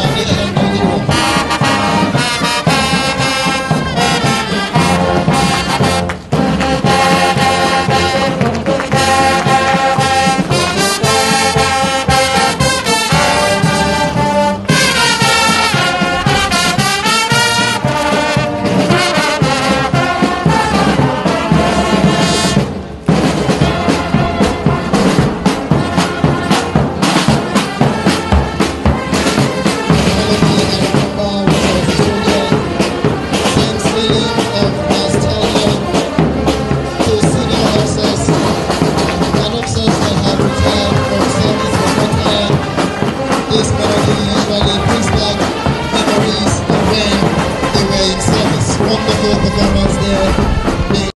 Thank you. this melody usually brings back memories of when they were in service. Wonderful performance there.